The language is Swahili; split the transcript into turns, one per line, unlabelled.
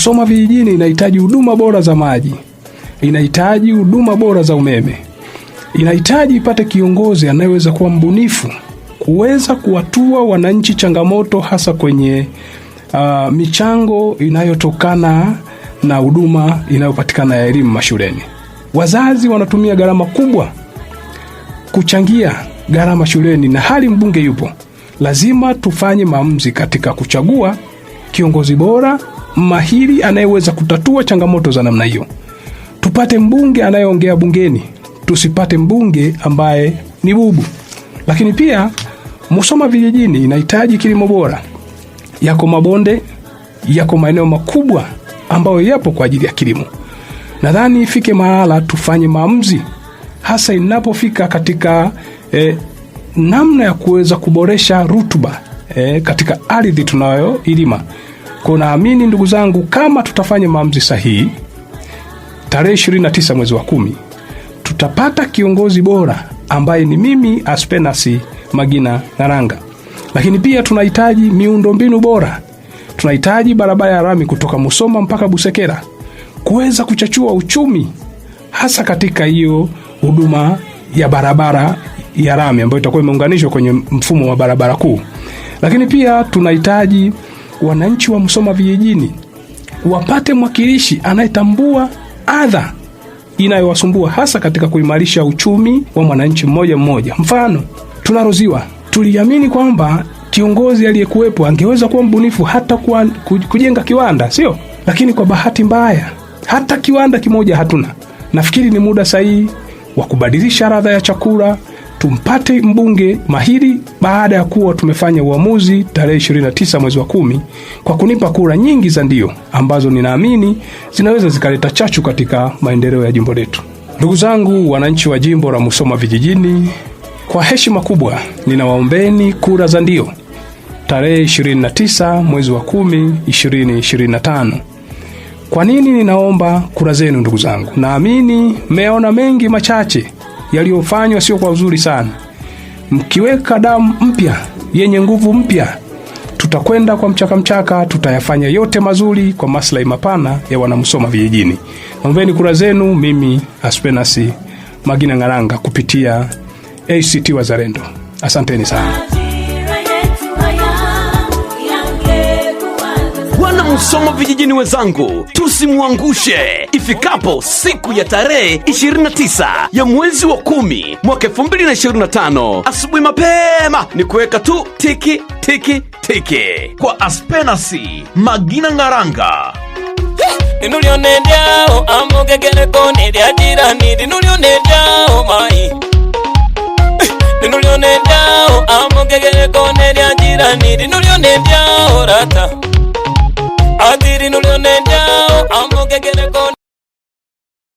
Musoma vijijini inahitaji huduma bora za maji, inahitaji huduma bora za umeme, inahitaji ipate kiongozi anayeweza kuwa mbunifu kuweza kuwatua wananchi changamoto, hasa kwenye uh, michango inayotokana na huduma inayopatikana ya elimu mashuleni. Wazazi wanatumia gharama kubwa kuchangia gharama shuleni, na hali mbunge yupo. Lazima tufanye maamuzi katika kuchagua kiongozi bora mahiri anayeweza kutatua changamoto za namna hiyo. Tupate mbunge anayeongea bungeni, tusipate mbunge ambaye ni bubu. Lakini pia Musoma vijijini inahitaji kilimo bora. Yako mabonde, yako maeneo makubwa ambayo yapo kwa ajili ya kilimo. Nadhani ifike mahala tufanye maamuzi, hasa inapofika katika eh, namna ya kuweza kuboresha rutuba eh, katika ardhi tunayoilima. Kunaamini ndugu zangu, kama tutafanya maamuzi sahihi, tarehe 29 mwezi wa kumi tutapata kiongozi bora ambaye ni mimi Aspenasi Magina Ngaranga. Lakini pia tunahitaji miundombinu bora, tunahitaji barabara ya rami kutoka Musoma mpaka Busekera kuweza kuchachua uchumi, hasa katika hiyo huduma ya barabara ya rami ambayo itakuwa imeunganishwa kwenye mfumo wa barabara kuu. Lakini pia tunahitaji wananchi wa Msoma vijijini wapate mwakilishi anayetambua adha inayowasumbua hasa katika kuimarisha uchumi wa mwananchi mmoja mmoja. Mfano, tunaruziwa tuliamini kwamba kiongozi aliyekuwepo angeweza kuwa mbunifu hata kuwa, kujenga kiwanda sio, lakini kwa bahati mbaya hata kiwanda kimoja hatuna. Nafikiri ni muda sahihi wa kubadilisha radha ya chakula tumpate mbunge mahiri baada ya kuwa tumefanya uamuzi tarehe 29 mwezi wa kumi kwa kunipa kura nyingi za ndio ambazo ninaamini zinaweza zikaleta chachu katika maendeleo ya jimbo letu. Ndugu zangu wananchi wa jimbo la Musoma vijijini, kwa heshima kubwa ninawaombeni kura za ndio tarehe 29 mwezi wa kumi 2025. Kwa nini ninaomba kura zenu ndugu zangu? Naamini mmeona mengi machache yaliyofanywa sio kwa uzuri sana. Mkiweka damu mpya yenye nguvu mpya, tutakwenda kwa mchakamchaka mchaka, tutayafanya yote mazuri kwa maslahi mapana ya wanamsoma vijijini. Naombeni kura zenu. Mimi Aspenasi Magina Ng'aranga kupitia ACT Wazalendo. Asanteni sana.
Musoma vijijini wenzangu, tusimwangushe ifikapo siku ya tarehe 29 ya mwezi wa kumi mwaka 2025 asubuhi mapema, ni kuweka tu tiki tiki tiki kwa Aspenasi Magina Ng'aranga ninulio dyao amugegereko jirani mai jirani linulio rata ule unendao